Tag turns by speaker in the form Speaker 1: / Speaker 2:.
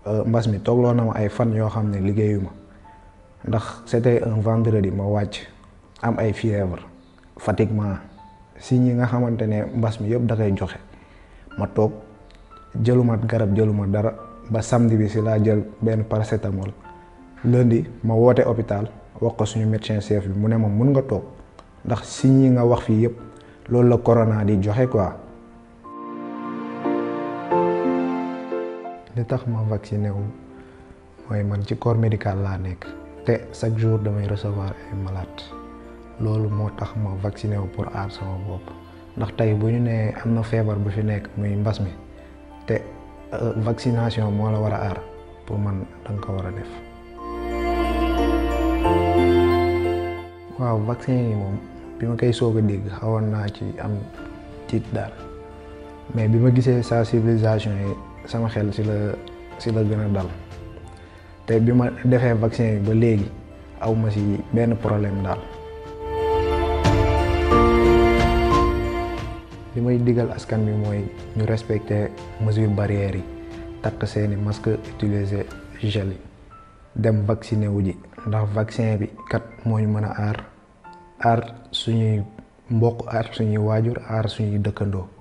Speaker 1: Eh, mbas mi toogloo na ma ay fan yoo xam ne liggéeyu ma ndax c'était un vendredi ma wàcc am ay fièvre fatiguement si ñi nga xamante ne mbas mi yëpp da koy joxe ma toog jëluma garab jëluma dara ba samedi bi si laa jël benn lundi ma woote hôpital wax ko suñu médecin chef bi mu ne ma mun nga toog ndax si ñi nga wax fii yëpp loolu la corona di joxe quoi li tax ma vacciné wu mooy man ci corps médical laa nekk te chaque jour damay recevoir ay malade loolu moo tax ma vacciné wu pour aar sama bopp ndax tey bu ñu nee am na feebar bu fi nekk muy mbas mi te euh, vaccination moo la war a aar pour man da ko war a def. waaw vaccin yi moom bi ma koy soog a dégg xawoon naa ci am tiit daal mais bi ma gisee sensibilisation yi. sama xel ci la ci la gëna a dal té bi défé vaccin bi ba légui awma ci si problème dal limay may digal askan bi moy ñu respecté mesure barrière yi tak seeni masque utiliser gel dem vacciné wu ji ndax vaccin bi kat moo mëna ar ar aar suñuy mbokk ar suñuy wajur ar suñuy dëkkandoo.